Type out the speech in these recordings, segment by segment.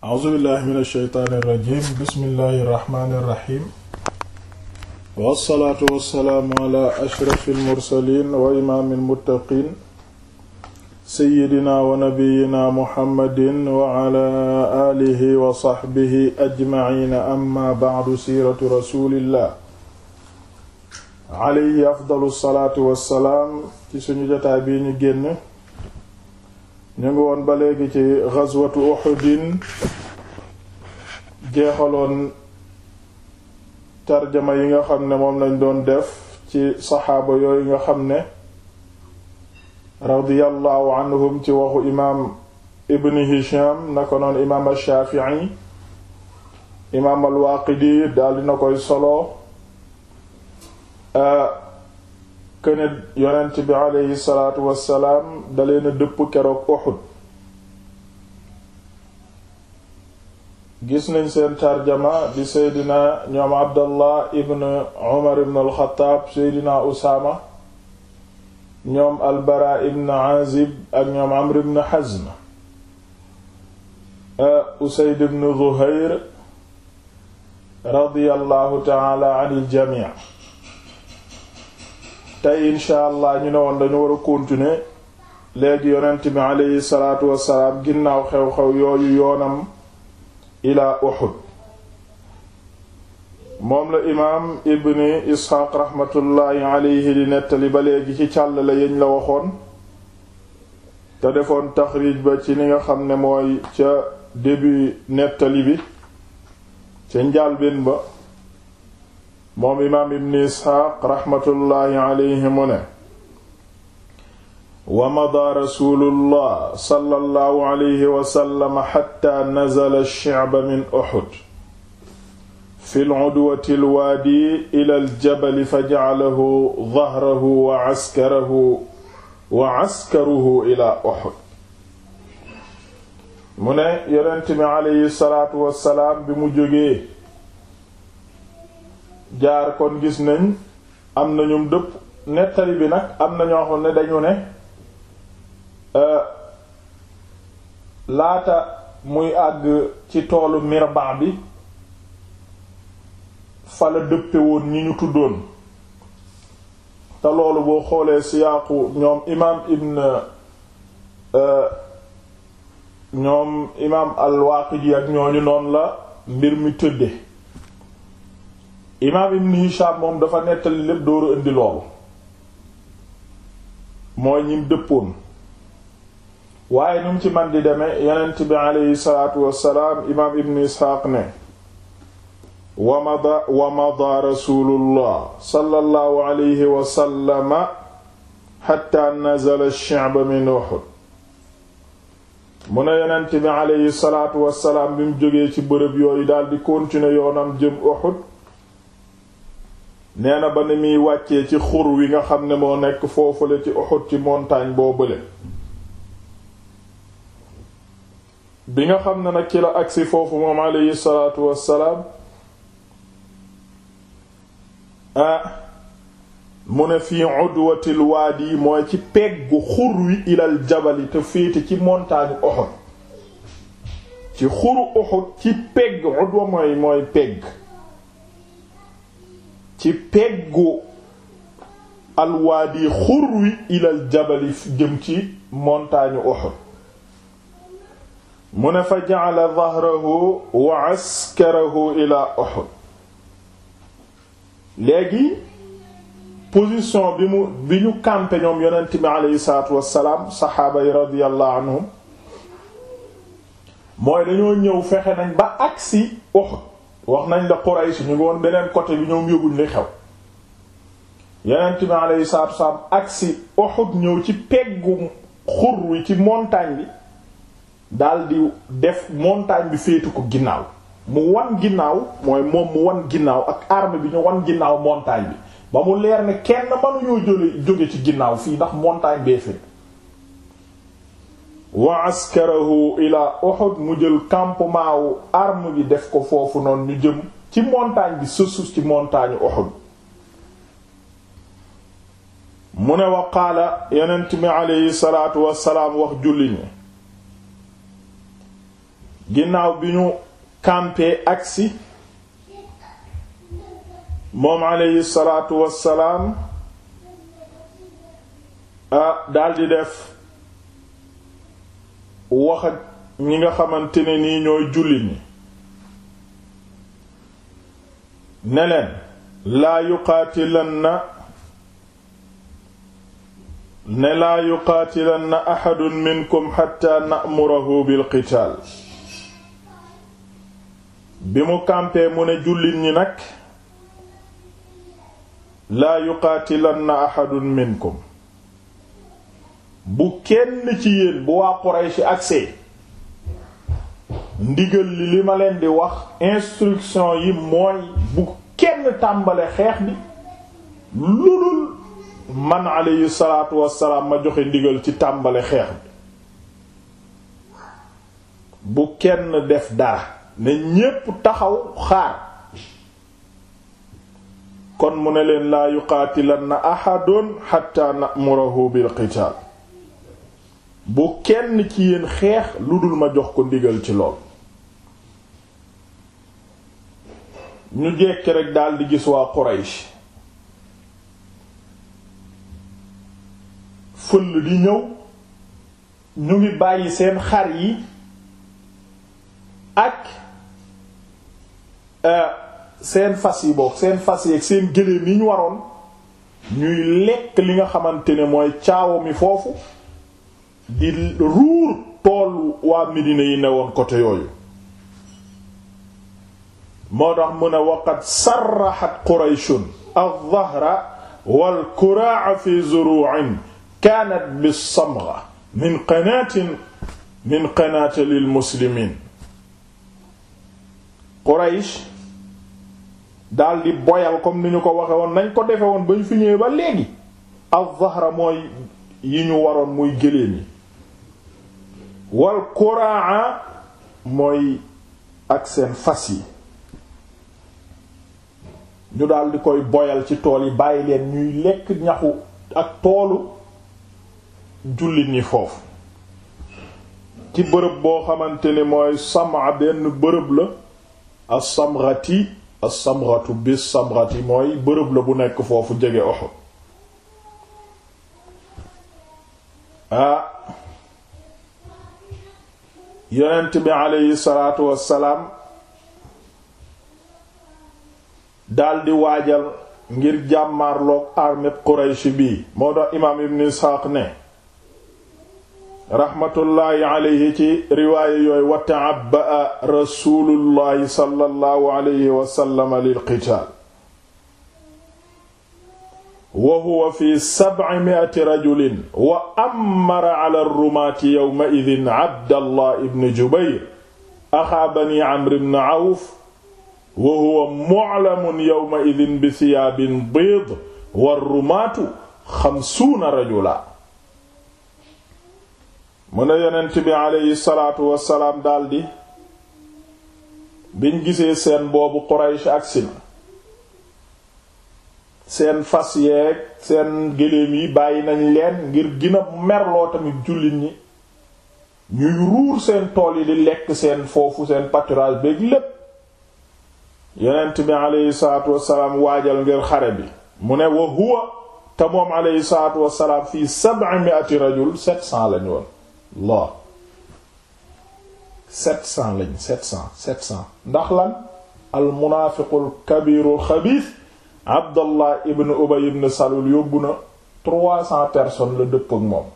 a'uzubillahi min ashaytaani irrajim bismillahi irrahmani irrahim wassalaatu wassalaamu ala ashrafi almursalin wa imaami almuttaqin seyidina wa nabiyina muhammadin wa ala alihi wa saxbihi ajmaciina amma bacdu siiratu rasulillah alayhi afdalu salaatu wassalaam ci suñu jotaay bi ñu génn ñu ngi woon ba léegi ci ghazwatu Uhudin jeexaloon tarjama yi nga xam ne moom lañ doon def ci saxaaba yooyu nga xam ne radiyallahu anhum ci waxu imaam ibn Hisham na ko noon imaam al imaam al-Waaqidi daldi na koy solo këne yonent bi aleyhi salaatu wassalaam daleen a dëpp keroog Uhud gis nañ seen tarjama di seydina ñoom abdallah ibn umar ibn alxataab seydina usaama ñoom albara ibn azib ak ñoom amr ibn hazm eh, usayd ibn zuhayr radiyallahu taala an il jamii tey incha allah ñu ne woon dañu war a continuer léegi yonent bi aleyhi salaatu wassalaam ginnaaw xew-xew yooyu yoonam ila Uhud moom la imaam ibni isxaaq raxmatullaahi aleyhi di nettali ba léegi ci càll la yeñ la waxoon te defoon taxriij ba ci li nga xam ne mooy ca début nettali bi ca njàlbéen ba moom imaam ibn isxaaq raxmatullaahi aleyhi mu ne wa madaa rasuulullah sallallahu alayhi wasallam xatta nazala ash-shi'b min Uhud fi al-'udwati al-waadi ila al-jabal fa ja'alahu dahrahu wa 'askarahu wa 'askaruhu ila Uhud mu ne yonent mi aleyhi salaatu wasalaam bi mu jógee jaar kon gis nañ am na ñum dëpp nettali bi nag am na ñoo xam ne dañu ne euh, laata muy àgg ci toolu mirban bi fala dëppe woon ñi ñu tuddoon te loolu boo xoolee siyaaqu ñoom imaam ibn euh, ñoom imaam al-Waaqidi ak ñooñu noon la mbir mi tëdde imaam ibn Hisham moom dafa nettali lépp dooru indi loolu mooy ñim dëppoon waaye nu mu ci man di demee yonent bi aleyhi salaatu wassalaam imaam ibn Isxaaq ne wa mada wa mada rasulullah sallallahu alayhi wa sallama hatta nazala ash-shi'b min Uhud mu ne yonent bi aleyhi salaatu wassalaam bi mu jógee ci bërëb yooyu daldi continuer yoonam jëm Uhud nee ba ni muy wàccee ci xur wi nga xam ne moo nekk foofule ci Uhud ci montagne boo bële bi nga xam ne nag ci la agsi foofu moom alayhi salaatu wassalaam ah mu ne fii udwatil waadi mooy ci peggu xur wi ilal jabali te féete ci montagne Uhud ci xuru Uhud ci pegg udwa mooy mooy pegg ci peggu alwaadi xur wi ilal jabali jëm ci montagne Uhud mu ne fa ja'ala dhahrahu wa askarahu ila Uhud léegi position bi mu bi ñu campé ñoom yonent bi aleyhi salaatu wassalaam saxaaba anhum mooy dañoo ñëw fexe nañ ba agsi Uhud wax nañ la Quraysh ñu ngi woon beneen côté bi ñoom yóbbuñ li xew yonent bi alayhi salaatu wassalaam agsi Uhud ñëw ci peggu xur wi ci montagne bi daldi def montagne bi féetu ko ginnaaw mu wan ginnaaw mooy moom mu wan ginnaaw ak arme bi ñu wan ginnaaw montagne bi ba mu leer ne kenn mënuñoo jóle jóge ci ginnaaw fii ndax montagne bee féet wa askarahu ila Uhud mu jël campement wu arme bi def ko foofu noonu ñu jëm ci montagne bi sësus ci montagne Uhud mu ne wa qaala yonent salaatu wasalaam wax julli ñi ginnaaw bi ñu campé agsi moom aleyhi salaatu wasalaam ah daldi def wax ñi nga xamante ne nii ñooy jullit ñi ne leen laa yuqaatilanna ne laa yuqaatilanna axadun minkum xatta na'murahu bil qitaal bi mu campee mu ne jullit ñi nag laa yuqaatilanna axadun minkum bu kenn ci yéen bu waa Quraysh agsee ndigal li li ma leen di wax instruction yi mooy bu kenn tàmbale xeex bi lu dul man alayhi salaatu wassalaam ma joxe ndigal ci tàmbale xeex bi bu kenn def dara ne ñépp taxaw xaar kon mu ne leen laa yuqaatilanna ahadun hatta na'murahu bil qitaal bu kenn ci yéen xeex lu dul ma jox ko ndigal ci lool ñu jekki rek daldi gis waa Quraysh fëll di ñëw ñu ngi bàyyi seen xar yi ak euh, seen fas yi boog seen fas yi ak seen gëléem yi ñu waroon ñuy lekk li nga xamante ne mooy caawa mi foofu di ruur tool waa Medina yi newoon côté yooyu moo tax mu ne waqad sarraxat qurayshun aldahra walkuraaca fi zurucin kaanat bisamga min qanaatin min qanaati lilmuslimin quraysh daal di boyal comme ni ñu ko waxe woon nañ ko defe woon ba ñu fi ñëwee ba léegi aldahra mooy yi ñu waroon muy gëléem yi wal quraa mooy ak seen fas yi ñu daldi koy boyal ci tool yi bàyyi leen ñuy lekk ñaxu ak toolu jullit ñi foofu ci bërëb boo xamante ni mooy sama benn bërëb la as-samghati as-samghatu bis samghati mooy bërëb la bu nekk foofu jege Uhud ah yonent bi aleyhi salaatu wassalaam daldi waajal ngir jàmmarloog armée Quraysh bi moo tax imaam ibn Isxaaq ne raxmatullaahi ci riwaaya yooyu wa ta'abba'a rasuulullaahi sallallaahu aleyhi lil qitaal wa huwa fi sab'imi'ati rajulin wa ammara 'ala ar-rumaati yawma idhin Abdallah ibn Jubayr axaa bani Amr ibn Awf wa huwa mu'lamun yawma idhin bi thiyaabin biid war-rumaatu xamsuuna rajula mu ne yonent bi aleyhi salaatu wassalaam daldi biñ gisee seen boobu Quraysh ak sina seen fas yeeg seen gëléem yi bàyyi nañ leen ngir gina merloo tamit jullit ñi ñuy ruur seen tool yi di lekk seen foofu seen pâturage beeg lépp yonent bi aleyhi salaatu wassalaam waajal ngir xare bi mu ne wa huwa te moom aleyhi salaatu wassalaam fii sab'i mi'ati rajul sept cents lañ woon Allah ndax lan al munaafiqul kabirul xabiis Abdallah ibn Ubay ibn Salul yóbbu na trois cents personnes la dëpp ak moom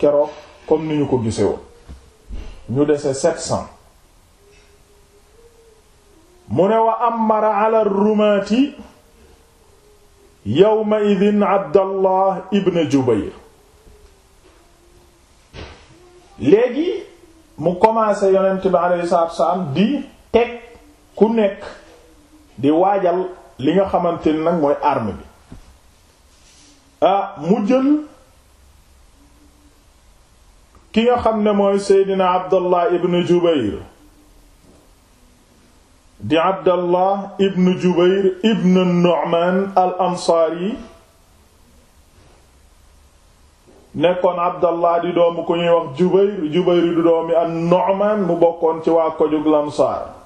keroog comme ni ñu ko gise woon ñu dese sept cents mu ne wa amara ala rumaati yawma idin Abdallah ibn Jubayr léegi mu commencé yonent bi alayhi salaatu wa di teg ku nekk di waajal li nga xamante ni nag mooy arme bi ah mu jël ki nga xam ne mooy seydina abdallah ibn jubair di abdallah ibn jubair ibn nu'man al ansaari nekkoon abdallah di doomu ku ñuy wax jubair jubair di doomi an nu'man mu bokkoon ci waa kojug lansaar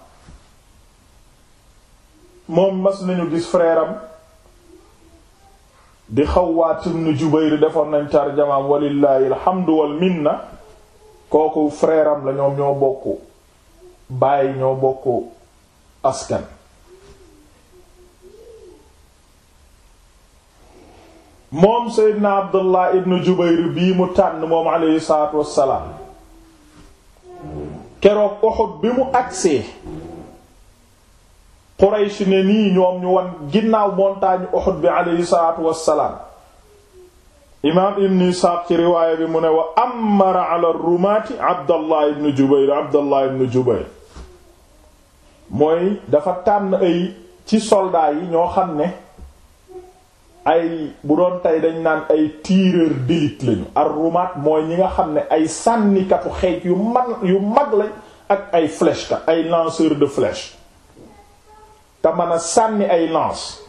moom mas nañu gis frère di Xawwaat ibn Jubayr defoon nañ tarjamaam walillaahi alhamdu wal minna kooku frère am la ñoom ñoo bokk bàyyi ñoo bokk askan moom Seydina Abdullah ibn Jubayr bii mu tànn moom aleyhi salaatu wassalaam keroog Uhud bi mu agsee Quraysh ne nii ñoom ñu wan ginnaaw montagne Uhud bi aleyhi salaatu wassalaam imaam ibn Isxaaq ci riwaaya bi mu ne wa amara ala rumaati Abdallah ibn Jubayr Abdallah ibn Jubayr mooy dafa tànn ay ci soldats yi ñoo xam ne ay bu doon tey dañ naan ay tireur d'élite lañu ar-rumaat mooy ñi nga xam ne ay sànnikatu xeej yu mag yu mag lañ ak ay flèche ka ay lanceur de flèche te mën sànni ay lance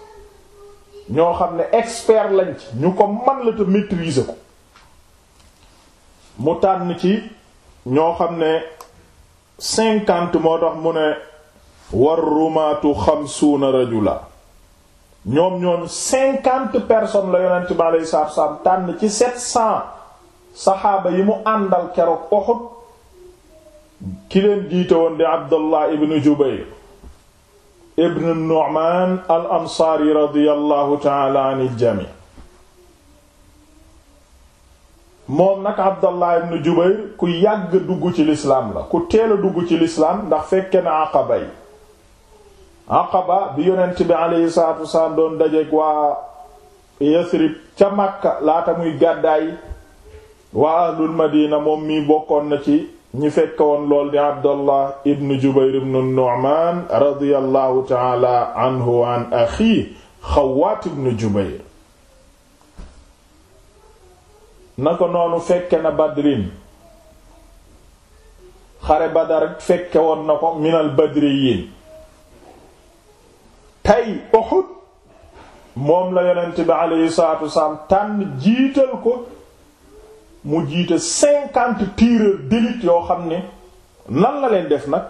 ñoo xam ne expert lañ ci ñu ko man la te ko mu tànn ci ñoo xam ne cinquante moo tax mu ne war rumaatu xamsuuna rajula ñoom ñoom cinquante personnes la yonent bi aleyhi tànn ci sept cent saxaaba yi mu àndal keroog Uhud ki leen jiite woon di Abdallah ibn Jubayr ibn Nu'man moom nag Abdallah ibn Jubayr ku yàgg dugg ci lislaam la ku teela dugg ci lislaam ndax fekke na Aqaba yi Aqaba bi yonent bi aleyhi salaatu wasalaam doon dajeek waa Yasrib ca Makka laata muy gàddaay waa ahlul Madina moom mi bokkoon na ci ñi fekk woon lool di abdallah ibn jubair ibn nu'man radiyallahu ta'ala anhu wa an axi xawaat ibn jubair na ko noonu fekke na badrin xare badar fekke woon na ko minal badriyin tey uhud moom la yonent bi aleyhi salaatu wasalaam tànn jiital ko mu jiite cinquante tireurs d'élite yoo xam ne nan la leen def nag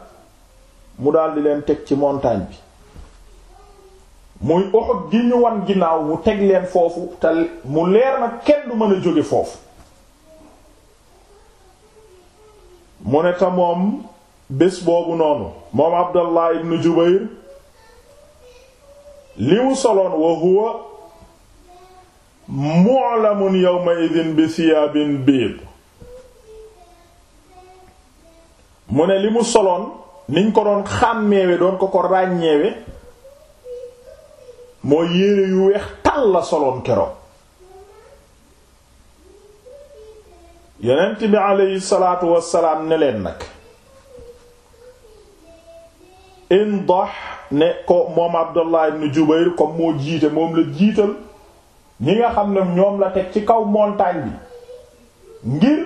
mu daldi leen teg ci montagne bi muy Uhud gi ñu wan ginnaaw mu teg leen foofu te mu leer na kenn du mën a jóge foofu mu ne te bés boobu noonu moom Abdallah ibn Jubayr li mu soloon wa huwa mu'lamun yawma idin bi mu ne li mu soloon niñ ko doon xàmmeewe doon ko ko ràññeewe mooy yére yu weex tàll la soloon keroog yonent bi aleyhi salaatu wassalaam ne leen nag indah ne ko moom Abdullah ibn Jubayr comme moo jiite moom la jiital ñi nga xam ne ñoom la teg ci kaw montagne bi ngir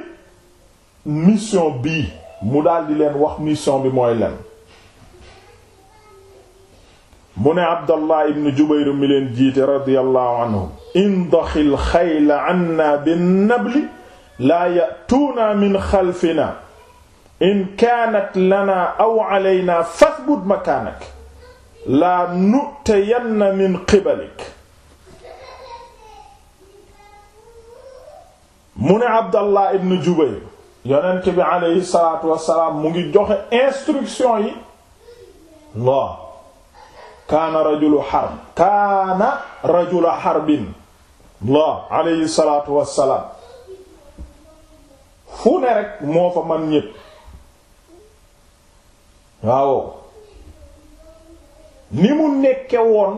mission bii mu daldi leen wax mission bi mooy len mu ne Abdallah ibn Jubayr mi leen jiite radiyallahu anhu indaxil xayla anna bin nabli laa yatuuna min xalfina in kaanat lana aw alayna fasbut makaanak laa nutayanna min qibalik mu ne Abdallah ibn Jubayr yonent bi aleyhi salaatu wassalaam mu ngi joxe instruction yi laa kaana rajulu harb kaana rajula harbin laa aleyhi salaatu wassalaam fu ne rek moo fa man ñépp waaw ni mu nekke woon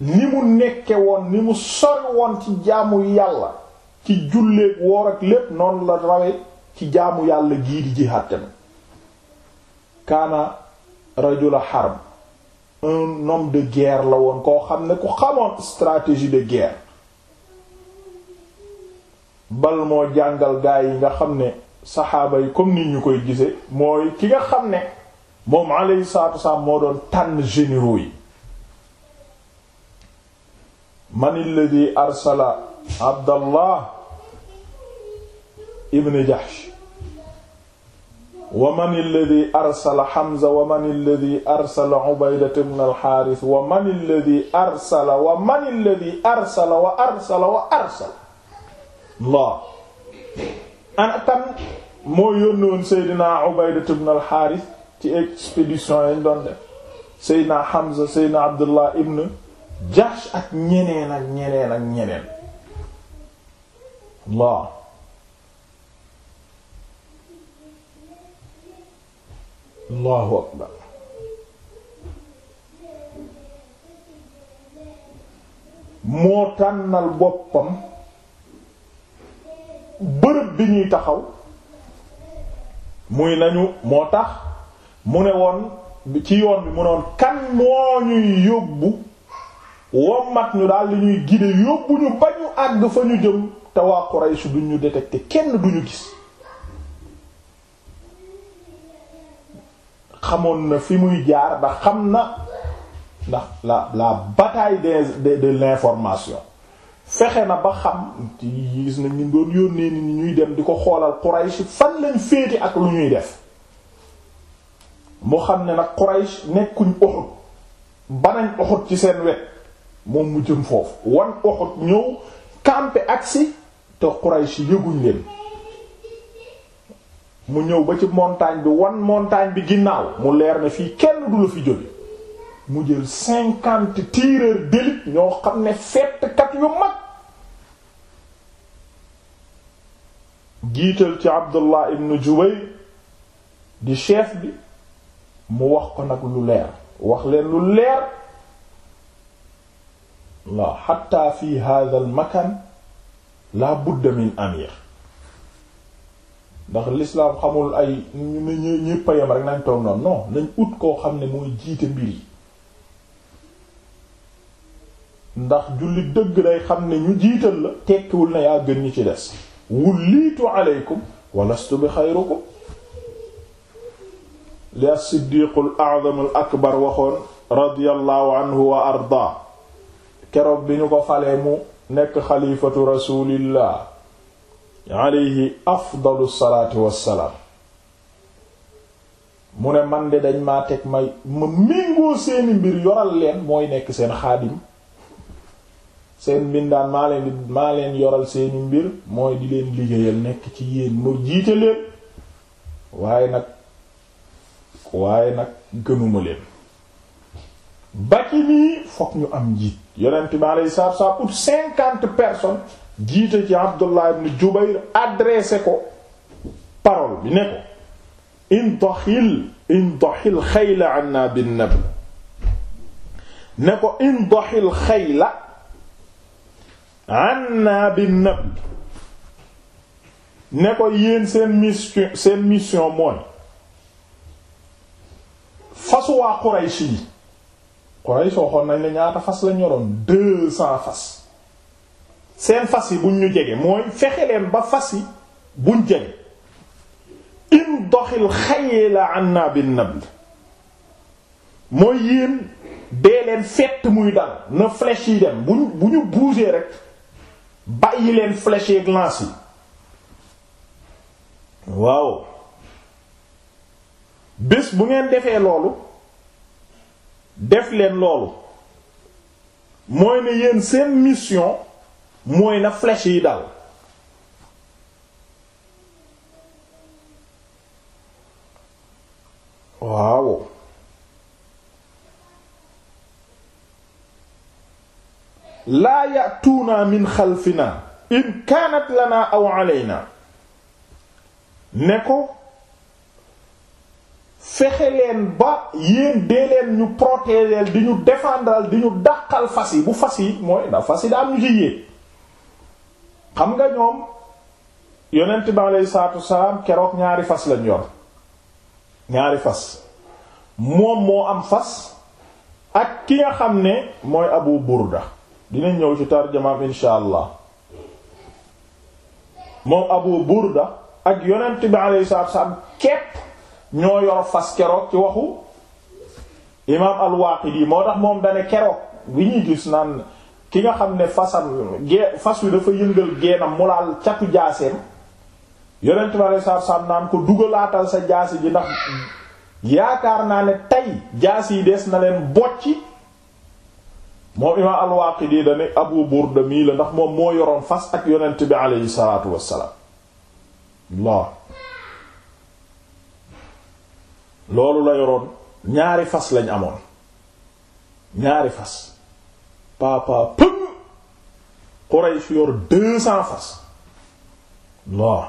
ni mu nekke woon ni mu sori woon ci jaamu yàlla ci julleek woor ak lépp noonu la rawe ci jaamu yàlla gii di jihaad tamit kaana rajula harb un homme de guerre la woon koo xam ne ku xamoon stratégie de guerre bal moo jàngal gaa yi nga xam ne saxaaba yi comme ni ñu koy gise mooy ki nga xam ne moom alayhi salaatu wasalaam moo doon tànn généraux yi man alladhi abdallah ibn Jahsh wa man alladhi arsala Hamza wa man alladhi arsala Ubayda ibn al-Harith wa man alladhi arsala wa man alladhi arsala wa arsala wa arsala Allah ana kan moo yónnoon Seydina Ubayda ibn al-Harith ci expédition yi doon def Seydina Hamza Seydina Abdullah ibn Jahsh ak ñeneen ak ñeneen ak ñeneen Allah allahu akbar moo tànnal boppam bërëb bi ñuy taxaw muy nañu moo tax mu ne woon ci yoon bi mu ne woon kan moo ñuy yóbbu wommat ñu daal li ñuy gide yóbbu ñu ba ñu àgg fa ñu jëm te waa Quraysh duñ ñu détecté kenn duñu gis xamoon na fi muy jaar ndax xam na ndax la la bataille des de l'information fexe na ba xam ci gis na ñu doon yónnee ni ñuy dem di ko xoolal Quraysh fan lañ féete ak lu ñuy def mu xam ne nag Quraysh nekkuñ Uhud banañ Uhud ci seen wet moom mu jëm foofu wan Uhud ñëw camper agsi te Quraysh yëguñ leen mu ñëw ba ci montagne bi wan montagne bi ginnaaw mu leer na fii kenn du la fi jóge mu jël cinquante tireurs d'élite ñoo xam ne fettkat yu mag jiital ci Abdullah ibn Jubayr di chef bi mu wax ko nag lu leer wax leen lu leer la hatta fi hadha al makan la budda min amir ndax lislaam xamul ay ñu ñëpp a yem rek nañ toog noonu non nañ ut koo xam ne mooy jiite mbir yi ndax jullit dëgg day xam ne ñu jiital la tekkiwul na yaa gën ñu ci des wulliitu aleykum walastu bi xayrukum li al-a'zam al-akbar waxoon radiyallahu anhu wa arda keroog bi ñu ko falee mu nekk xalifatu rasulillah alayhi afdalu salaati wassalaam mu ne man de dañ ma teg may ma méngoo seeni mbir yoral leen mooy nekk seen xaadim seen mbindaan maa leen maa leen yoral seeni mbir mooy di leen liggéeyal nekk ci yéen mu jiite leen waaye nag waaye nag gënuma leen ba ci nii fokk ñu am njiit yonent bi alayhi salaatu wassalaam pour cinquante personnes jiite ci Abdullah ibn Jubayr adressé ko parole bi ne ko indaxil indaxil xayla anna bin nabl ne ko indaxil xayla anna bin nabl ne ko yéen seen mission seen mission mooy fasu waa yi Quraysh waxoon nañ ñaata fas lañ yoroon deux cents fas seen fas yi buñ ñu jege mooy fexe leen ba fas yi buñ jege in doxil xayila anna bin nabl mooy yéen dee leen fett muy dal na flèche yi dem buñ bu ñu bouger rek bàyyi leen flèche yeeg lance yi waaw bés bu ngeen defee loolu def leen loolu mooy ne yéen seen mission mooy na flèche yi daal waaw laa yatuuna min xalfina in kaanat lana aw alayna ne ko fexe leen ba yéen dee leen ñu protéger di ñu défendral di ñu dàqal fas yi bu fas yi mooy da fas yi da ñu ci xam nga ñoom yonent bi aleyhi salaatu wasalaam keroog ñaari fas lañ yor ñaari fas moom moo am fas ak ki nga xam ne mooy Abu Burda dina ñëw ci tarjamaam insha allah moom Abu Burda ak yonent bi aleyhi salaatu wasalaam képp ñoo yor fas keroog ci waxu imaam al-Waaqidi moo tax moom dane keroog bi ñuy gis naan ki nga xam ne fasam gee fas wi dafa yëngal geenam mu laal catu jaaseem yonent bi aleyhi salaatu salaam naan ko dugalaatal sa jaasi ji ndax yaakaar naa ne tey jaasi yi des na leen bocci moom imaam al-Waaqidi dane Abu Burda mii la ndax moom moo yoroon fas ak yonent bi aleyhi salaatu wassalaam laa loolu la yoroon ñaari fas lañ amoon ñaari fas papa pëg Quraysh yor deux cents fas loo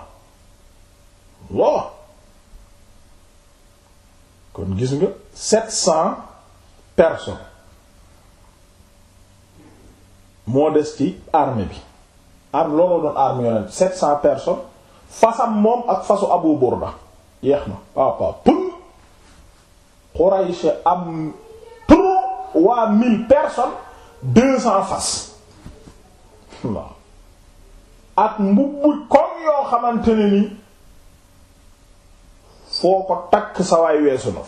loo kon gis nga sept cents personnes moo des ci armée bi arme looloo doon armée yonent sept cents personnes fasam moom ak fasu Abu Burda yeex na papa pëg Quraysh am trois mille personnes deux cents fas waaw ak mbubb comme yoo xamante ni foo ko takk sa weesu na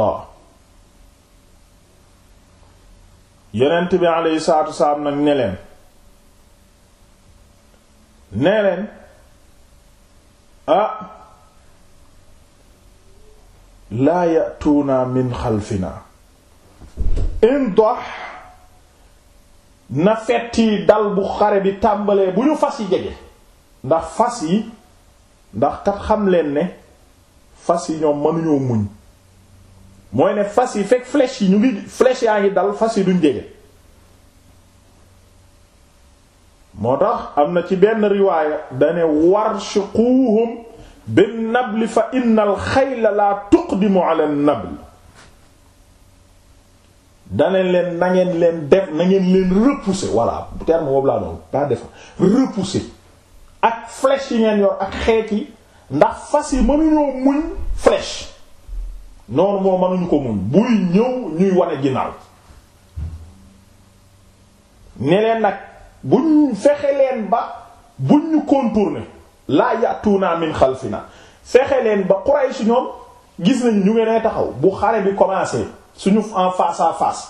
la yonent bi alayhi salaatu nag ne leen ah, laa yatuuna min xalfinaa indox na fetti dal bu xare bi tàmbalee bu ñu fas yi jege ndax fas yi ndax kat xam leen ne fas yi ñoom mënuñoo muñ mooy ne fas yi fekk flèche yi ñu ngi flèche yaa ngi dal fas yi duñ jege moo tax am na ci benn riwaaya dane warshiquhum bin li fa innal xayla la tuqdimu ala an-nabl daneen leen nangeen leen def na ngeen leen repousser voilà terme boobu laa noonu pas def repousser ak flèche yi ngeen yor ak xeet yi ndax fas yi mënuñoo muñ flèche noonu moom mënuñu ko muñ buy ñëw ñuy wane ginnaaw ne leen nag buñ fexe leen ba buñ ñu contourner laa yàttuunaa min xalfina fexe leen ba Quraysh ñoom gis nañ ñu ngeen taxaw bu xare bi commencé suñu en face à face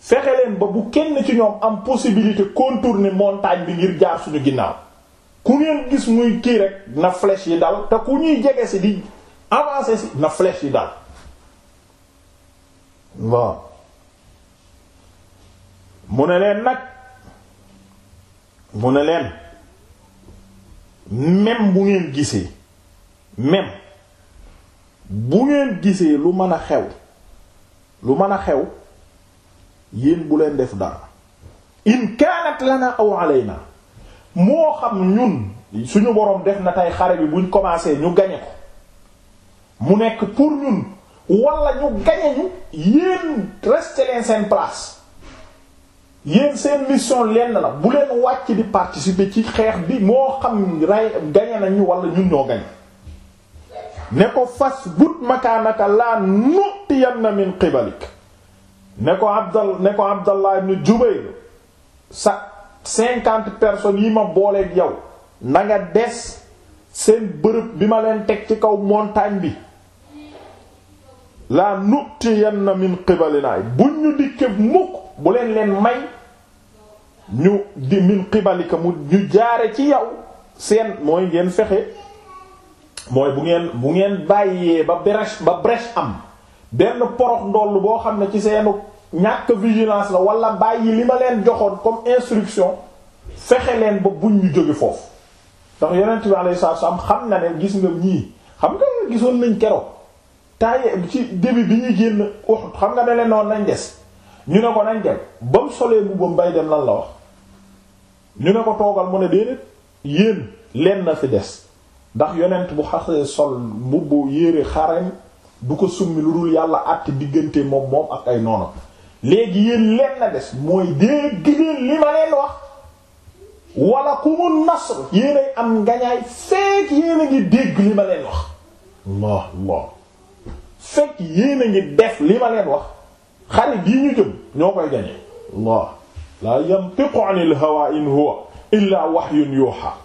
fexe leen ba bu kenn ci ñoom am possibilité contourner montagne bi ngir jaar suñu ginnaaw ku ngeen gis muy kii rek na flèche yi dal te ku ñuy jege si di avancer si na flèche yi dal waaw mu ne leen nag mu ne leen même bu ngeen gisee même bu ngeen gisee lu mën a xew lu mën a xew yéen bu leen def dara in kaanat lana aw alayna moo xam ñun suñu boroom def na tey xare bi buñ commencé ñu gañe ko mu nekk pour ñun wala ñu gañe ñu yéen rester leen seen place yéen seen mission lenn la bu leen wàcc di participer ci xeex bi moo xam rey gañe nañu wala ñun ñoo gañe ne ko fas but makaanaka laa na min qibalik ne ko abdal ne ko abdallah ibn jubayr sa cinquante personnes yi ma booleeg yow nanga des seen bërëb bi ma leen teg ci kaw montagne bi laa nu'tiyanna min qibalinaay bu ñu dikke mukk bu leen leen may ñu di min qibalika ñu jaare ci yow seen mooy ngeen fexe mooy bu ngeen bu ngeen bàyyee ba brèche ba brèche am benn porox ndoll boo xam ne ci seenu ñàkk vigilance la wala bàyyi li ma leen joxoon comme instruction fexe leen ba buñ ñu jóge foofu ndax yonent bi alayhi salaatu wasallam xam na ne gis nga ñii xam nga gisoon nañ keroog taaye ci début bi ñuy génn Uhud xam nga ne leen nañ des ñu ne ko nañ dem ba mu solee mbubbam bay dem lan la wax ñu ne ko toogal mu ne déedéet yéen leen na fi des ndax yonent bu xasee sol mbubbu yére xaram du ko summi lu dul yàlla àtt diggante moom moom ak ay noonam léegi yéen leen na des mooy dégg leen li ma leen wax wala ku mu nasr yéen am ngañaay fekk yéen a ngi dégg li ma leen wax allah allah fekk yéen ngi def li ma leen wax xare bii ñu jëm ñoo koy gañee allah la yantiqu anil hawa in huwa illa wahyun yuha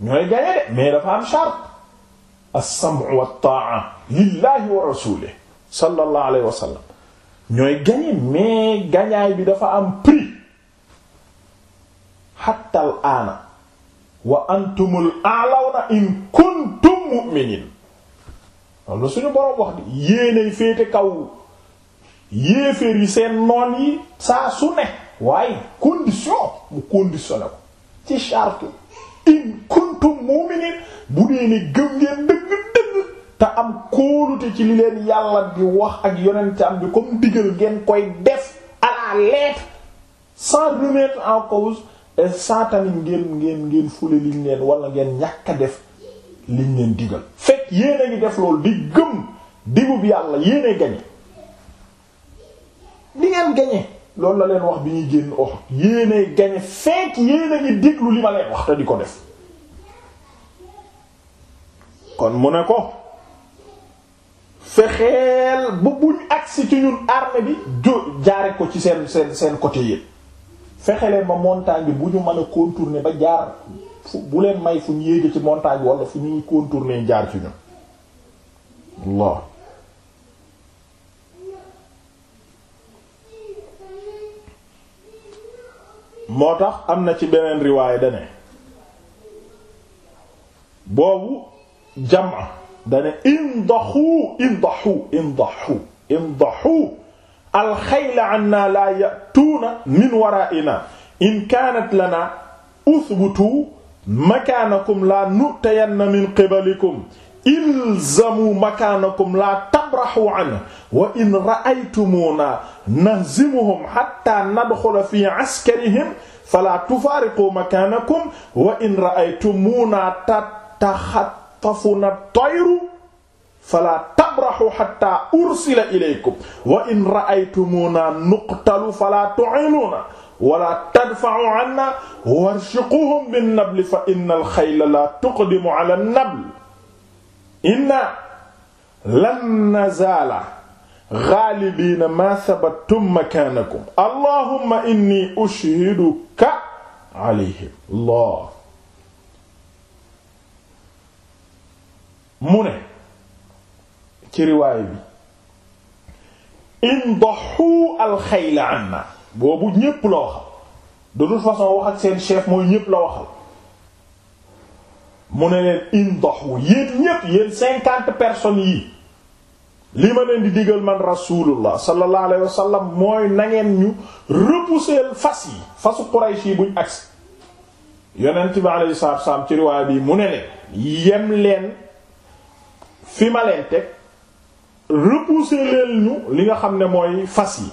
ñooy gañe de mais dafa am charte as-sam'u wat-ta'a lillahi wa rasulihi sallallahu alayhi wa sallam ñooy gañe mais gañaay bi dafa am prix hatta al wax di yéenay féete kaw yi seen noon yi waaye condition mu conditionné ko ci charte in kuntum mu'minin bu dee ne gëm ngeen dëgg dëgg te am kóolute ci li leen yàlla di wax ak yonent am bi comme digal ngeen koy def à leet lettre sans remettre en cause et sans tamit ngeen ngeen ngeen fule liñ leen wala ngeen ñàkk a def liñ leen digal fekk yéen a def loolu di gëm digub yàlla yéen gañe di ngeen gañe loolu la leen wax bi ñuy génn wax yéenay gañe fekk yéen a ngi déglu li ma leen wax te di ko def kon mu ne ko fexeel ba buñ agsi ci ñun armée bi jo jaare ko ci seen seen seen côté yéen fexe leen ba bi bu ñu mën a contourner ba jaar fu bu leen may fu ñu yéege ci montagne bi wala ñu ñuy contourner jaar ci ñun Allah moo tax am na ci beneen riwaay dane boobu jama dane indaxu indaxu indaxu indaxu alxayla anna laa yatuuna min waraina in kaanat lana uthbutu makaanakum laa nutayanna min qibalikum ilzamu makaanakum laa tabraxu anhu wa in ra'aytumuuna nahzimuhum hatta nadxula fi askarihim falaa tufaariqu makaanakum wa in ra'aytumuuna tataxattafuna tayru falaa tabraxu hatta ursila ilaykum wa in ra'aytumuuna nuqtalu falaa tu'inuuna wala tadfa'u anna warshiquhum bin nabli fa inna al-xayla laa tuqdimu ala an-nabl inna lan nazaala gaalibiina maa sabattum makaanakum allahumma inni ushhiduka alayhim mu ne ci riwaay bi indaxu alxayla anna boobu ñépp la waxal de toute façon wax ak seen chef mooy ñépp la waxal mu ne leen indahu yéen ñépp yéen cinquante personnes yi li ma leen di digal man rasulullah sallallahu alayhi wa mooy nangeen ngeen ñu repousser fas yi fasu Quraysh yi buñ agsi yonent bi alayhi salaatu ci riwaaya bi mu ne leen yem leen fi ma leen teg repousser ñu li nga xam ne mooy fas yi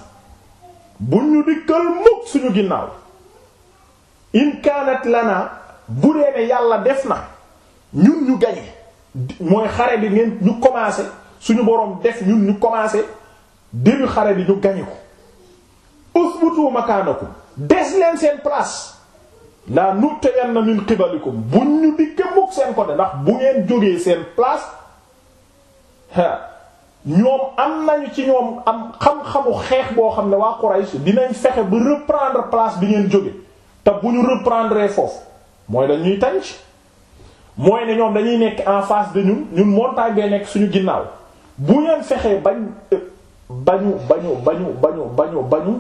bu ñu dikkal mukk suñu ginnaaw in kaanat lana bu dee ne yàlla def na ñun ñu gañe mooy xare bi ngeen ñu commencé suñu boroom def ñun ñu commencé début xare bi ñu gañe ko usbutu makaanakum des leen seen place la nutayanna min qibalikum buñ ñu dikke mukk seen côté ndax bu ngeen jógee seen place ha ñoom am nañu ci ñoom am xam-xamu xeex boo xam ne waa Quraysh dinañ fexe ba reprendre place bi ngeen jóge te bu ñu reprendre foofu mooy dañuy tànc mooy ne ñoom dañuy nekk en face de ñun ñun montagne bee nekk suñu ginnaaw bu ngeen fexee bañ bañu bañu bañu bañu bañu bañu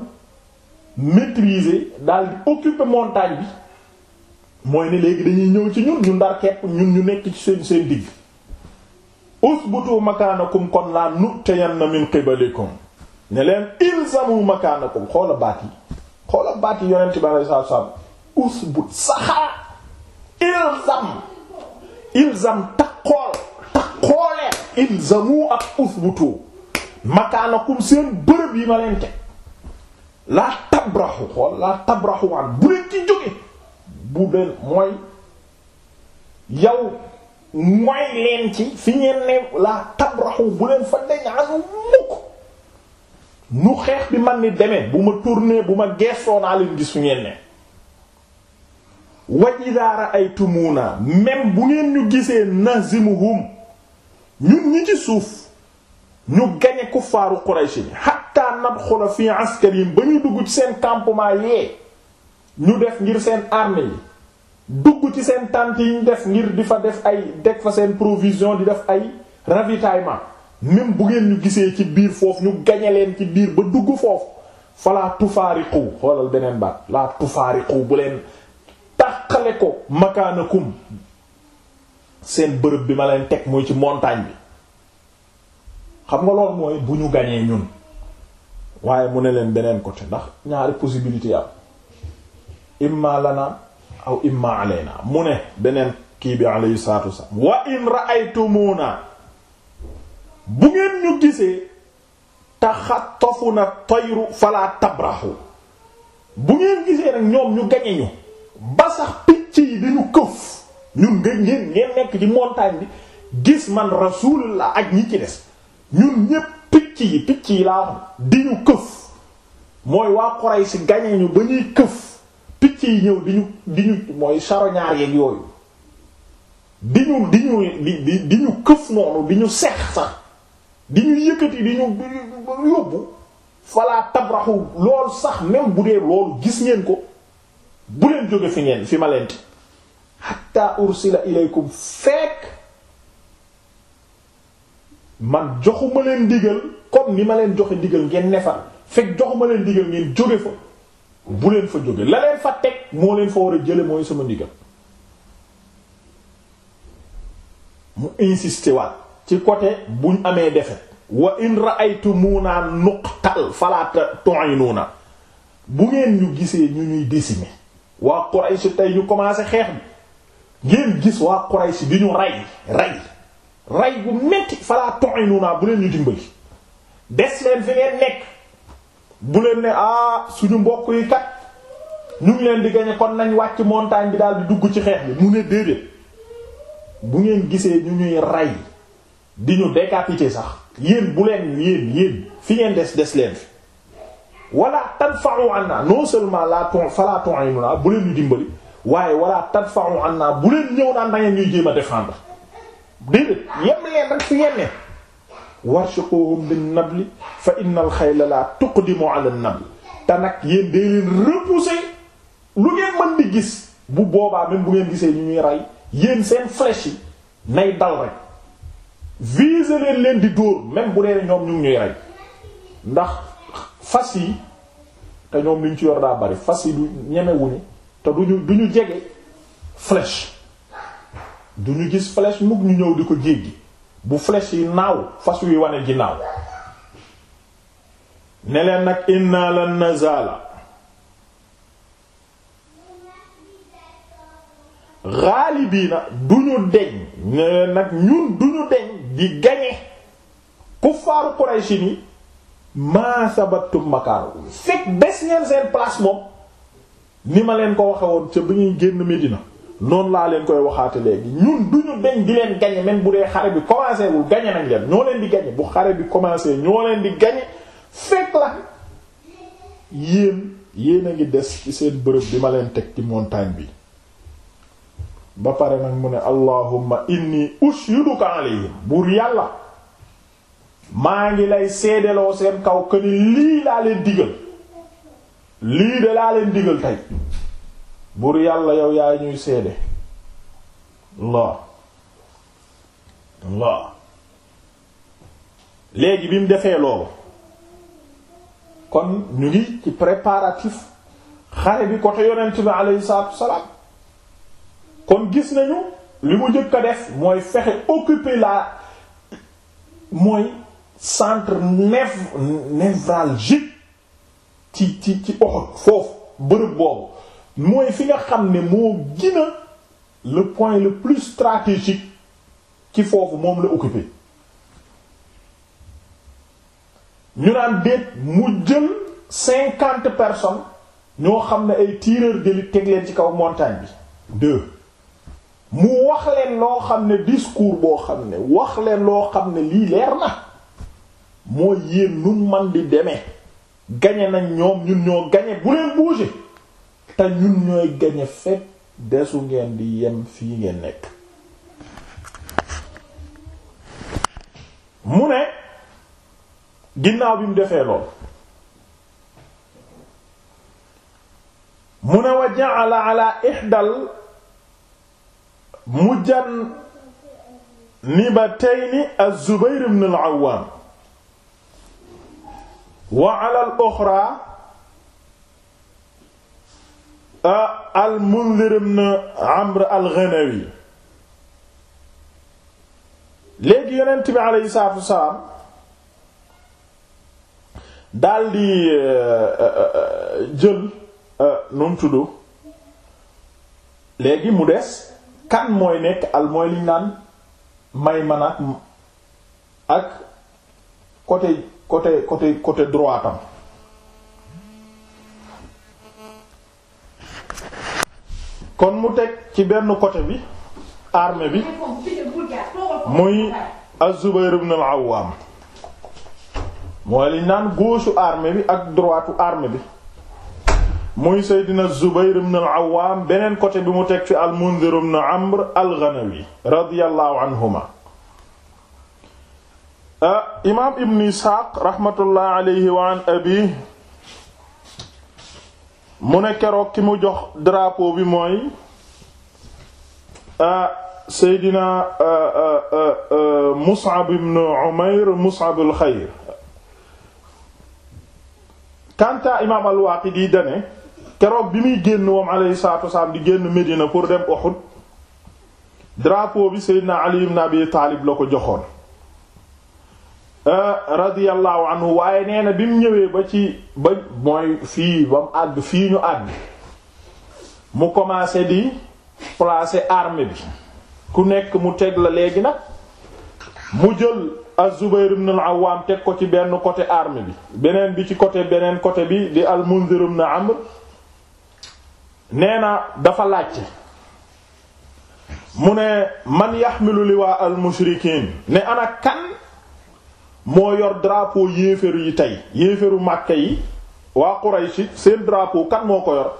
maîtriser daal di occuper bi mooy ne léegi dañuy ñëw ci ñun ñu ndar kepp ñun ñu nekk ci seen seen digg usbutu makaanakum kon laa nu'tayanna min qibalikum ne leen ilzamu makaanakum xoola baat yi xoola baat yi yonent bi sallallahu alayhi wasallam usbut saxaa ilzam ilzam takkool takkooleen ilzamu ak usbutu makaanakum seen bërëb yi ma leen teg laa tabraxu xool laa tabraxu waan bu leen ci jóge bu leen mooy yow mooy leen ci fi ngeen ne laa tabraxu bu leen fa deñ anu mukk nu xeex bi man ni demee bu ma tourner bu ma geesoo naa leen gis fi ngeen ne wa ay ra'aytumuna même bu ngeen ñu gisee nazimuhum ñun ñi suuf ñu gañe kuffaaru Quraysh ni hatta nadxula fi askarihim ba ñu dugg ci seen campement yee ñu def ngir seen armée yi dugg ci seen tente yi ñu def ngir di fa def ay deg fa seen provision di def ay ravitaillement même bu ngeen ñu gisee ci biir foofu ñu gañe leen ci biir ba dugg foofu falaa tufaariqu xoolal beneen baat laa tufaariqu bu leen tàqale ko makaanakum seen bërëb bi ma leen teg muy ci montagne bi xam nga loolu mooy bu ñu gañee ñun waaye mu ne leen beneen côté ndax ñaari possibilité am imma lana aw imma aleyna mu ne beneen kii bi alayhi salatu wassalam wa in ra'aytumuna bu ngeen ñu gisee taxatafuna tayru fala tabrahu bu ngeen gisee nag ñoom ñu gañe ñu ba sax picc yi dañu këf ñun nga ngeen ngeen nekk ci montagne bi gis man rasulullah ak ñi ci des ñun ñépp picc yi picc yi laa wax di ñu këf mooy waa Quraysh si gañe ñu ba ñuy këf picc yi ñëw di ñu di ñu mooy charognard yeeg yooyu di ñu di ñu di di ñu këf noonu di ñu seex sax di ñu yëkkati di ñu yóbbu falaa tabraxu loolu sax même bu dee loolu gis ngeen ko bu leen jóge fi ngeen fi ma leen ti hatta ursila ilaykum fekk man joxuma leen digal comme ni ma leen joxe digal ngeen ne fa fekk joxuma leen digal ngeen jóge fa bu fa jóge la leen fa teg moo leen fa war a jële mooy sama ndigal mu insisté waat ci côté buñ amee defet wa in ra'aytumuna nuqtal fala tu'inuna bu ngeen ñu gisee ñu ñuy décimer waa si tey ñu commencé xeex bi ngeen gis waa Quraysh bi ñu ray rey rey bu metti falaa tu'inuna bu leen ñu dimbali des leen fi ngeen nekk bu leen ne ah suñu mbokk yi kat ñu ngi leen di gañe kon nañ wàcc montagne bi daal di dugg ci xeex bi mu ne déedéet bu ngeen gisee ñu ñuy ray di ñu décapiter sax yéen bu leen yéen yéen fi ngeen des des leen fi wala tadfa'u anna non seulement la ton fala tu'inuna bu leen ñu dimbali waaye wala tadfa'u anna bu leen ñëw naan da ñuy jéem a défendre déedéet yem leen rek te nag yéen day lu ngeen mën di gis bu boobaa même bu ngeen gisee ñu ñuy rey yéen seen flèche yi nay dal rek viser leen leen di dóor même bu dee ñoom ñu ñuy rey ndax fas yi te ñoom liñ ci yor daa bari fas yi du ñemewuñu te duñu du ñu jege flèche du ñu gis flèche mukk ñu ñëw di ko jéggi bu flèche yi naaw fas wi wane ginnaaw ne leen nag inna lan nazala xaalibiina du ñu deñ ne leen nag ñun du ñu deñ di gañe kuffaaru Quraysh ni maa sabattum makaaru fekk bes ngeen seen place moom ni ma leen ko waxe woon ca bi ñuy génn Medina noonu laa leen koy waxaate léegi ñun duñu deñ di leen gañe même bu dee xare bi commencé wul gañe nañ leen ñoo leen di gañe bu xare bi commencé ñoo leen di gañe fekk la yéen yéen a ngi des ci seen bërëb bi ma leen teg ci montagne bi ba pare nag mu ne allahumma inni ushiduka alayhim buur yàlla maa ngi lay seedeloo seen kaw que ni lii laa leen digal lii de laa leen digal tey buur yàlla yow yaa ñuy seede Allah Allah léegi bi mu defee loolu kon ñu ngi ci préparatif xare bi côté yonent bi alayhi salaatu salaam kon gis nañu li mu jëkk def mooy fexe occuper la mooy centre nev névralgique ci ci ci Uhud foofu bërëb boobu mooy fi nga xam ne moo gën a le point le plus stratégique ci foofu moom la occupé ñu naan déet mu jël cinquante personnes ñoo xam ne ay tireurs d'élite teg leen ci kaw montagne bi deux mu wax loo xam ne discours boo xam ne waxleen loo xam ne lii leer na mooy yéen nu man di demee gañe nañ ñoom ñun ñoo gañe bu leen bouger te ñun ñooy gañe fekk desu ngeen di yem fii ngeen nekk mu ne ginnaaw bi mu defee lool mu ne wa ja'ala ala ihdal mujan nibatayni az-Zubayr ibn al-Awwam wa alal uxra al Munzir ibn Amr al Ghanawi léegi yonent bi aleyhi salaatu wasalaam daldi euh, euh, euh, jël nu mu léegi mu des kan mooy nekk al mooy liñ naan Maymana ak côté. côté côté côté droitam kon mu teg ci benn côté bi armée bi muy az-Zubayr ibn al-Awwam mooy liñ naan gauche armée bi ak droitu armée bi muy Seydina Zubayr ibn al-Awwam beneen côté bi mu teg fi al-Mundhir ibn Amr al radiyallahu anhuma Ah, imaam ibn isxaaq raxmatullah alayhi wa an abi mu ne keroog ki mu jox drapeau bi mooy ah, seydina ah, mus'ab ibn umayr mus'ab al xayr kanta imaam al-Waaqidi dane keroog bi muy génn moom alayhi salaatu wasalaam di génn Medina pour dem Uhud drapeau bi seydina ali ibn abi taalib la ko joxoon Euh, radiyallahu anhu waaye nee na bi mu ñëwee ba ci ba mooy fii ba mu àgg fii ñu àgg mu commencé di placer armée bi ku nekk mu teg la léegi nag mu jël az-Zubayr ibn al-Awwam teg ko ci benn côté armée bi beneen bi ci côté beneen côté bi di al-Mundhir ibn Amr nee na dafa laajte mu ne man yaxmilu liwaa al-mushrikiin ne ana kan moo yor drapo yéeféru yi tey yéeféru Makka yi waa Quraysh seen drapeau kan moo ko yor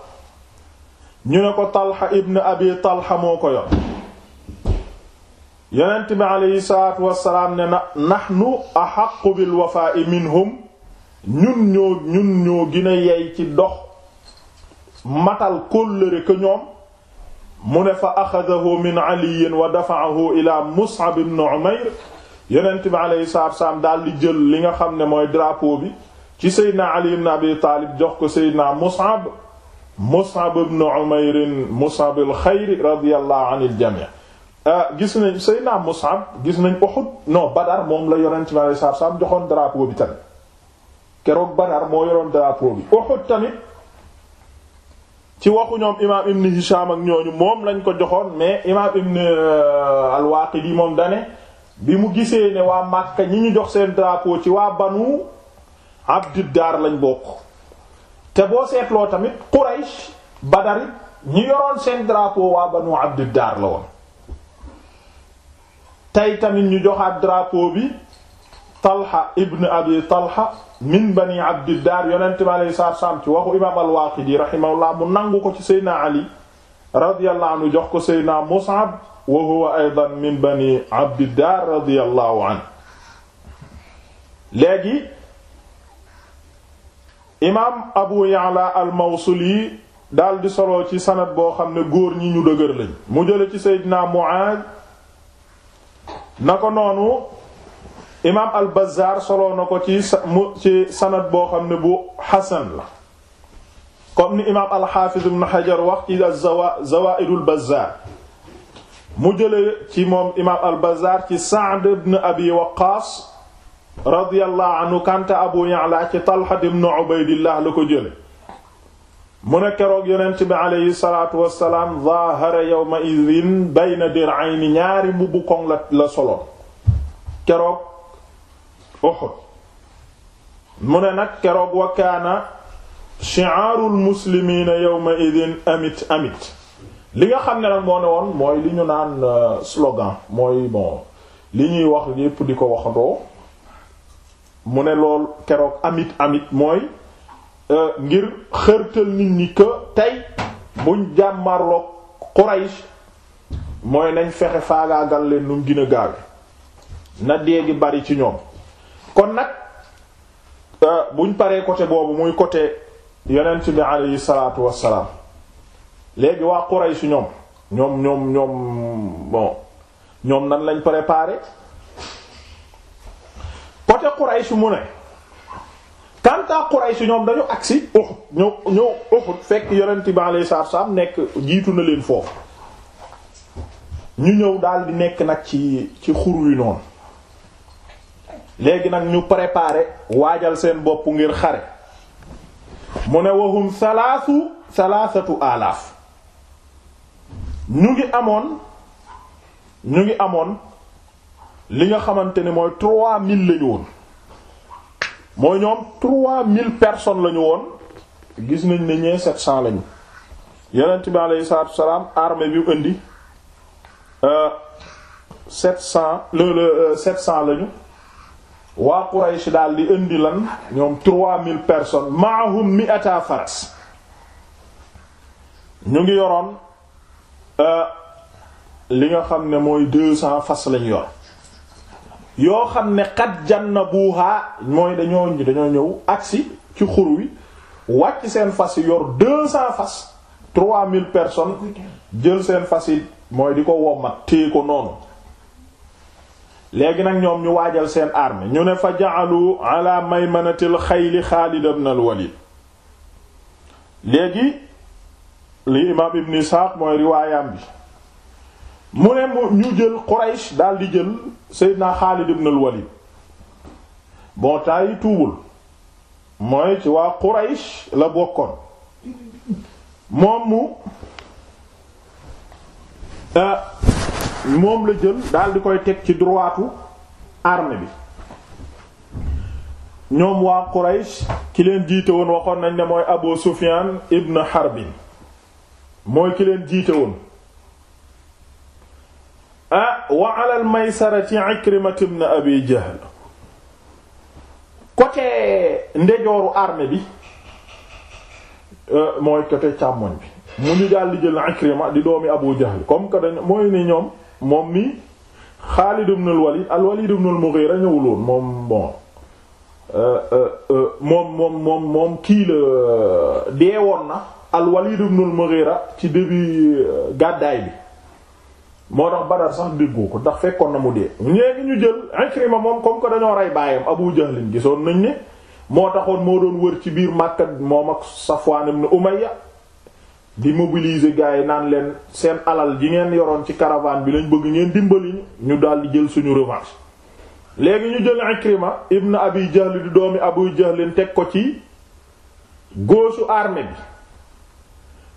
ñu ne ko Talha ibn Abi Talha moo ko yor yonent bi aleyhi salaatu wassalaam ne na nahnu ahaqqu bil wafaa'i minhum ñun ñoo ñun ñoo gën yey ci dox matal kóllëre que ñoom mu ne fa axadahu min aliyin wa dafa'ahu ila Mus'ab ibn Umayr yonent bi alayhi salaatu salaam daal di jël li nga xam ne mooy drapo bi ci Seydina Ali ibn Abi Taalib jox ko Seydina Mus'ab Mus'ab ibn Umayr Mus'ab al-Xayr radiyallahu anil ah, gis nañ Seydina Mus'ab gis nañ Uhud non Badar moom la yonent bi alayhi salaatu salaam joxoon drapeau bi tamit keroog Badar moo yoroon drapeau bi Uhud tamit ci waxu ñoom imaam Ibn Hisham ak ñooñu moom lañ ko joxoon mais imaam Ibn euh, al moom dane bi mu gisee ne waa Makka ñi ñu jox seen drapeau ci waa banu Abdiddar lañ bokk te boo seetloo tamit Quraysh Badarit ñi yoroon seen drapeau waa banu Abdiddar la woon tey tamit ñu joxaat drapeau bi Talha ibn Abi Talha min bani Abdiddar yonent bi alayhi ci waxu imaam al-Waaqidi rahimahullah mu nangu ko ci Seydina Ali radiyallahu jox ko Seydina Mus'ab wa huwa aydan min bani abdiddar radiyallahu anhu léegi imaam abu ya'la al-mawsuli daal di ci sanad boo xam ne góor ñi ñu dëgër lañ mu jële ci seydina mu'aaz na ko noonu imaam al-bazzar soloo na ko ci ci sanad boo xam ne bu hasan la comme ni imaam al-hafiz ibn hajar wax ci zawaa'idul bazzar mu jële ci moom imaam al-Bazzaar ci Sa'd ibn Abi Waqqaas radiyallahu anhu kanta Abu Ya'la ci Talha ibn Ubaydillah la ko jële mu ne keroog yonent bi aleyhi salaatu wassalaam zaahara yawma idhin bayna dir'ayni ñaari mbubbu koŋ la la soloon keroog Uhud mu ne nag keroog wa kaana shi'aarul muslimiina yawma idhin amit amit li nga xam ne nag moo ne woon mooy li ñu naan euh, slogan mooy bon li ñuy wax yépp di ko waxandoo mu ne lool keroog amit amit mooy euh, ngir xërtal nit ñi que tey buñ jàmmarloog Quraysh mooy nañ fexe faagaagal leen nu mu gaal na dee bari ci ñoom kon nag euh, buñ paree côté boobu muy côté yonent bi aleyhi salaatu wassalaam léegi waa Quraysh ñoom ñoom ñoom ñoom bon ñoom nan lañ préparé côté Quraysh mu ne kanta Quraysh ñoom dañu agsi Uhud ñëw ñëw Uhud fekk yonent bi alayhi nekk jiitu na leen foofu ñu ñëw daal di nekk nag ci ci xur wi noonu léegi nag ñu préparé waajal seen boppu ngir xare mu ne wahum salaasu salaasatu alaaf ñu ngi amoon ñu ngi amoon li nga xamante ni mooy trois mille la ñu woon mooy ñoom trois mille personnes la ñu woon gis nañ ne ñee sept cent lañu yonent bi aleyhi salaatu wa salaam armée bi mu indi euh, sept cent le euh, sept cent lañu waa Quraysh daal di indi lan ñoom trois mille personnes maahum mi'ata faras ñu ngi yoroon Euh, li nga xam ne mooy deux cents fas lañ yor yoo xam ne xat jan na buuxaa mooy dañoo dañoo ñëw agsi ci xur wi wàcc seen fas yi yor deux cents fas trois mille personnes jël seen fas yi mooy di ko wommat téye ko noonu léegi nag ñoom ñu waajal seen armée ñu ne fa ja'alu ala maymanatil xayli Xaalid ibn al Walid léegi li imaam ibn Isaaq mooy riwaayam bi mu ne mu ñu jël Quraysh daal di jël Seydina Xaalid ibn al-Walid bon temps yi tuubul mooy ci waa Quraysh la bokkoon moom mu euh, moom la jël daal di koy teg ci droitu armée bi ñoom waa Quraysh ki leen jiite woon waxoon nañ ne mooy Abu Sufyan ibn Harbin mooy ki leen jiite woon ah wa ala al maysarati Ikrimat ibn Abi Jahl côté ndejooru armée bi e, mooy côté càmmoñ bi mu ñu daal di jël Ikrima di doomi Abu comme que dañ mooy ni ñoom moom mi Xaalid ibn al Walid al Walid ibn al ñëwul woon e, e, moom moom moom kii la deewoon na al-Walid ibn al ci début euh, gàddaay bi moo tax Badar sax déggoo ko ndax fekkoon na mu dee ñeegi ñu jël Ikrima moom kom que dañoo rey baayam Abu Jahl gisoon nañ ne moo taxoon moo doon wër ci biir Makka moom ak Safwan ibn Umayya di mobiliser gars yi naan leen seen alal ji ngeen yoroon ci caravane bi lañ bëgg ngeen dimbali ñu ñu daldi jël suñu revanche léegi ñu jël Ikrima ibn Abi Jahl di doomi Abu Jahl teg ko ci góosu armée bi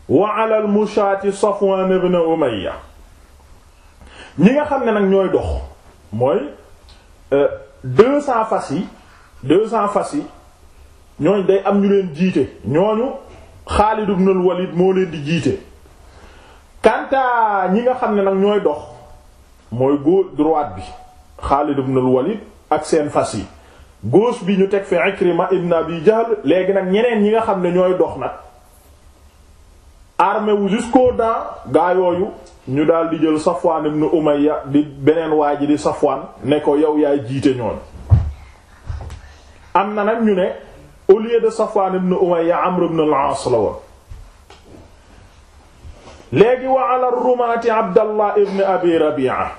wa ala al mushaati Safwan ibn Umayya ñi nga xam ne nag ñooy dox mooy euh, deux cents fas yi deux cents fas yi ñooñ day am ñu leen jiite ñooñu Xaalid ibn al Walid moo leen di jiite kanta ñi nga xam ne nag ñooy dox mooy góor droite bi Xaalid ibn al Walid ak seen fas yi gauche bi ñu teg fi Ikrima ibn Abi Jahl léegi nag ñeneen ñi nga xam ne ñooy dox nag armé wu jusqu'aux dents gaa ñu daal di jël Safwaan ibn Umayya di beneen waa ji di Safwaan ne ko yow yaay jiite ñoon am na nag ñu ne au lieu de Safwaan ibn Umayya Amr ibn al-As la woon léegi wa ala rumaati Abdallah ibn Abi Rabi'a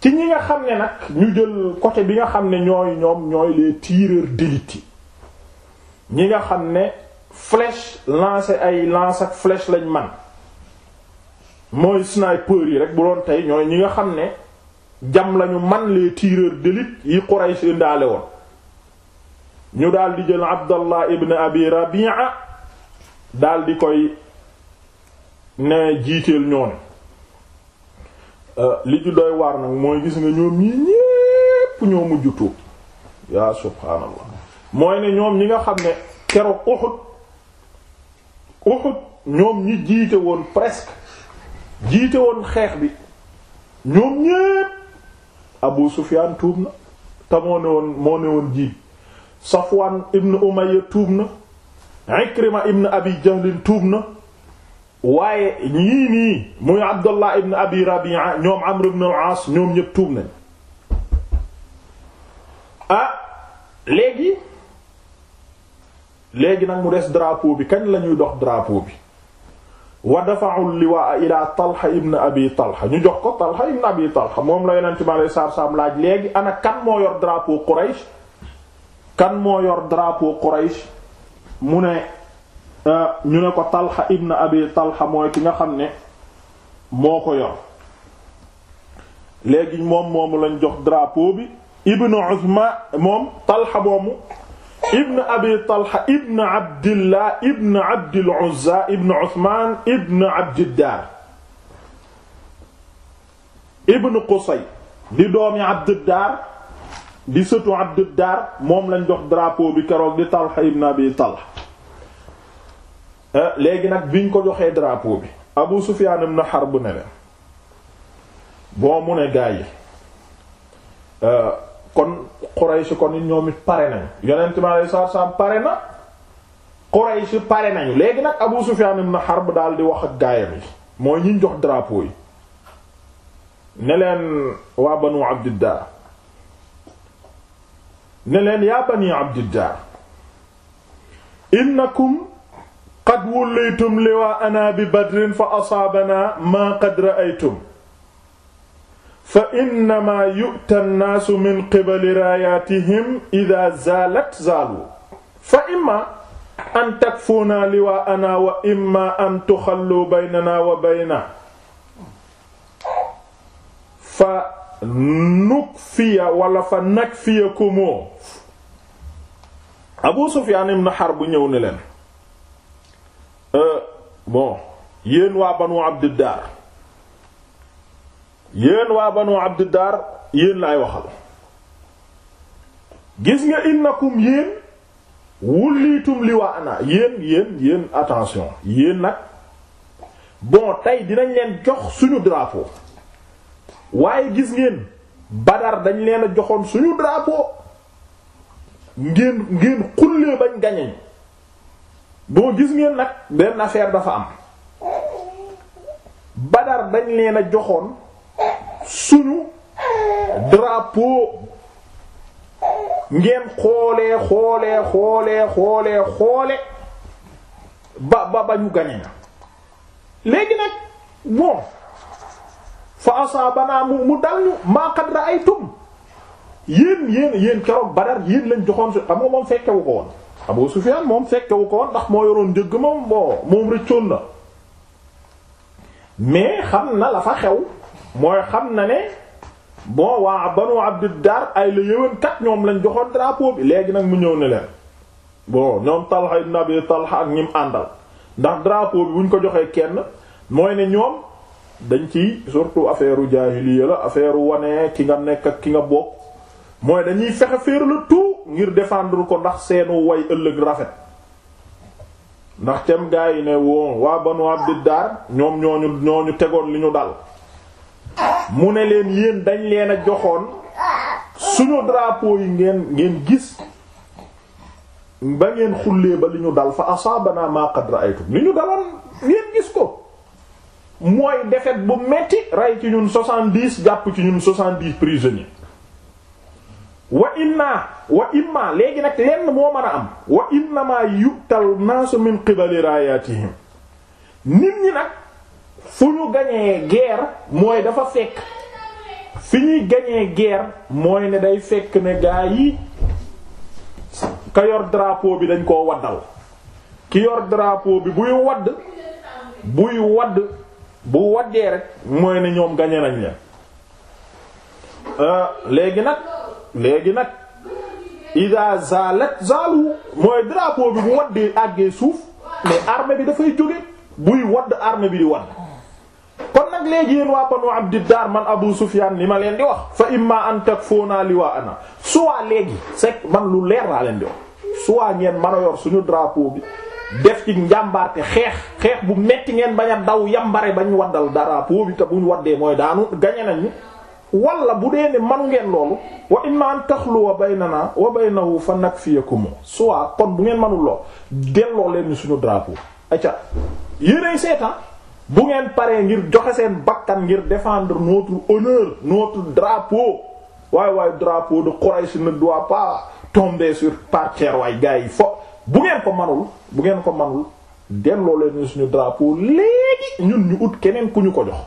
ci ñi nga xam ne nag ñu jël côté bi nga xam ne ñooy ñoom ñooy les tireurs d'élite ñi nga xam ne flèche lancer ay lance ak flèche lañ man mooy sniper yi rek bu doon tey ñooy ñi nga xam ne jam lañu man les tireurs d'élite yi Quraysh indaale woon ñu daal di jël Abdallah ibn Abi Rabi'a daal di koy ne jiiteel ñoon euh, li ju doy waar nag mooy gis nga ñoom ñi ñépp ñoo mujj tuub yaa subhaanallah mooy ne ñoom ñi nga xam ne keroog Uhud Uhud ñoom ñi jiite woon presque jiite woon xeex bi ñoom ñépp Abu Sufyaan tuub na te moo ne woon moo ne woon jiit Safwan ibn Umayya tuub na Ikrima ibn Abi Jahl tuub na waaye ñii nii muy Abdullah ibn Abi Rabi'a ñoom Amr ibn al-As ñoom ñépp tuub nañ ah léegi léegi nag mu des drapo bi kañ la ñuy dox drapo bi wa dafa'u liwaa ila talha ibn abi talha ñu jox ko talha ibn abi talha moom la yonent mi alayhi salaatu salaam laaj léegi ana kan moo yor drapeau quraish kan moo yor drapo quraish mu ne euh, ñu ne ko talha ibn abi talha mooy ki nga xam ne moo ko yor léegi moom moomu lañ jox drapo bi ibn usman moom talha moomu ibn abi talha ibn abdillah ibn abdil uzza ibn uthman ibn abdiddar ibn qusay di doomi abdiddar di sëtu abdiddar moom lañ dox drapeau bi keroog di talha ibn abi talha eh, léegi nag biñ ko joxee drapo bi abu sufyan ibn harb ne boo mu ne gaa eh, kon Quraysh ko it ñoom it pare nañu yonent mi alayhi salaatu pare na Quraysh pare nañu léegi nag Abu Sufyaan ibn Harb daal di wax ak gaayam yi mooy ñi jox drapeau yi ne leen waa Banu Abdiddaar ne leen yaa Bani Abdiddaar innakum qad wullaytum liwaa'anaa bi Badrin fa asaabanaa maa qad ra'aytum fa innama yu'ta nnaasu min qibali raayaatihim ida zaalat zaalu fa imma an takfuuna liwaa'anaa wa imma an tuxalluu baynanaa wa bayna fa nukfiya wala fa nakfiyakumoo Abu Sufyaan ibn Harb ñëw ne leen euh, bon yéen waa Banu Abdiddaar yéen waa banu abdiddar yéen laay waxal gis nga innakum yéen wulliitum liwaana yéen yéen yéen attention yéen nag bon tey dinañ leen jox suñu drapeau waaye gis ngeen badar dañ leen a joxoon suñu drapeau ngeen ngeen xullee bañ gañeñ bon gis ngeen nag benn affaire dafa am badar dañ leen a joxoon suñu drapeau ngeen xoolee xoolee xoolee xoole ba ba ba ñu gañe léegi nag bon fa asaabanaa mu mu dal ñu maa qad ra'aytum yéen yéen yéen keroog Badar yéen lañ joxoon su xam nga moom fekkewu ko woon Abu Sufyaan moom fekkewu ko woon ndax moo yoroon njëgg moom bon moom rëccoon na mais xam na la fa xew mooy xam na ne bon waa banu abdiddar ay la yëwankat ñoom lañ joxoon drapeau bi léegi nag mu ñëw ne leen boo ñoom Talha ibn Abi Talha ak ñim àndal ndax drapeau bi buñ ko joxee kenn mooy ne ñoom dañ ci surtout affaire jaahiliya la affaire wane ki nga nekk ak ki nga bokk mooy dañuy fexe faire le tout ngir défendre ko ndax seenu way ëllëg rafet ndax tem gaa yi ne woo waa banu abdiddar ñoom ñooñu ñooñu tegoon li ñu dal mu ne leen yéen dañ leen a joxoon suñu drapeau yi ngeen ngeen gis ba ngeen xullee ba li ñu dal fa asaabana ma qad ra'aytum li ñu daloon ngeen gis ko mooy défaite bu metti rey ci ñun soixante-dix jàpp ci ñun soixante-dix prisonniers wa inna wa imma léegi nag lenn moo mën a am wa innama yu'tal naasu min qibali raayatihim nit ñi nag fu ñu gañee guerre mooy dafa fekk fi ñuy gañee guerre mooy ne day fekk ne gaa yi ka yor drapeau bi dañ koo waddal ki yor drapeau bi buy wadd buy wadd bu waddee rek mooy ne ñoom gañe nañ leen euh, léegi nag léegi nag ida zalat zalu mooy drapeau bi bu waddee àggee suuf mais armée bi dafay jóge buy wadd armée bi di wadd nag léegi yéen waa banu abdiddar man Abu Sufyan li ma leen di wax fa imma an takfuna liwaana soit léegi c'est man lu leer laa leen di wax soit ngeen mën a yor suñu drapeau bi def ci njàmbaarte xeex xeex bu metti ngeen bañ a daw yambare bañ waddal drapeau bi te buñ waddee mooy daanu gañe nañu wala bu dee ne manu ngeen loolu wa imma an taxluwa baynana wa baynahu fa nakfiyakum soit kon bu ngeen manul lool delloo leen ni suñu drapeau acca yéenay seetaan bu ngeen paree ngir joxe seen bakkan ngir defendre notre honneur notre drapeau waaye waaye drapeau de Quraish ne doit pas sur par terre waay gars yi fo bu ngeen ko manul bu ngeen ko manul delloo leen suñu drapeau léegi ñun ñu ut keneen ku ñu ko jox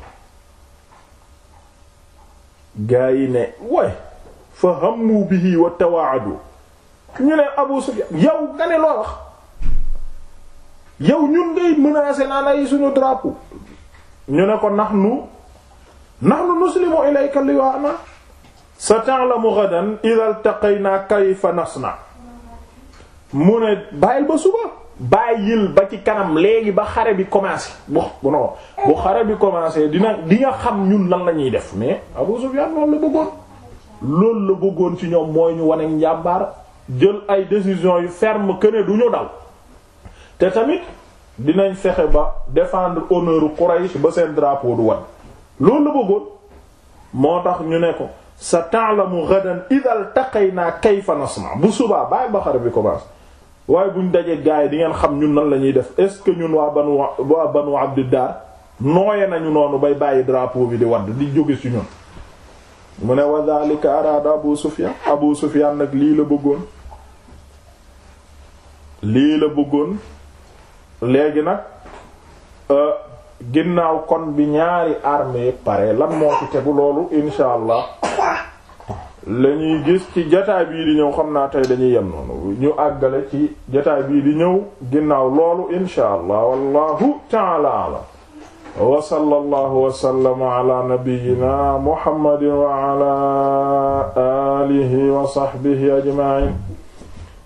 gaa yi ne way fa hammu bihi wa tawaadu ñu ne Abu Sufyan yow nga ne loo wax yow ñun ngay menacer naan ay suñu drapeau ñu ne ko nahnu nahnu nuslimu ilayka liwaana sata'lamu ghadan idha iltaqayna kayfa na mu ne bàyyil ba suba bàyyil ba ci kanam léegi ba xare bi commencé bu non xare bi commencé dina di nga xam ñun lan la ñuy def mais Abu Sufyan loolu la bëggoon loolu la bëggoon ci ñoom mooy ñu wane njàmbaar jël ay décision yu ferme que ne du ñu daw te tamit dinañ fexe ba défendre honneur Quraysh ba seen drapeau du wan loolu la bëggoon moo tax ñu ne ko sa la ta'lamu ghadan idha iltaqayna kayfa nasma bu subaa bàyyi ba xare bi commence waaye buñ dajee gaay di ngeen xam ñun nan la ñuy def est-ce que ñun waa banu waa banu abdiddar nooye nañu noonu bay bàyyi drapeau bi di wadd di jóge ci ñun mu ne wa dhalika araada abu sufyan abu sufyan nag lii la bëggoon lii la bëggoon léegi nag euh, ginnaaw kon bi ñaari armée pare lan moo ci tegu loolu insha allah la ñuy gis ci jataay bi di ñëw xam naa tey dañuy yem noonu ñu àggale ci jataay bii di ñëw ginnaaw loolu insha allah wallahu ta'ala a'lam wa sallallahu wa sallama ala nabiyyina muhammadin wa alihi wa sahbihi ajma'in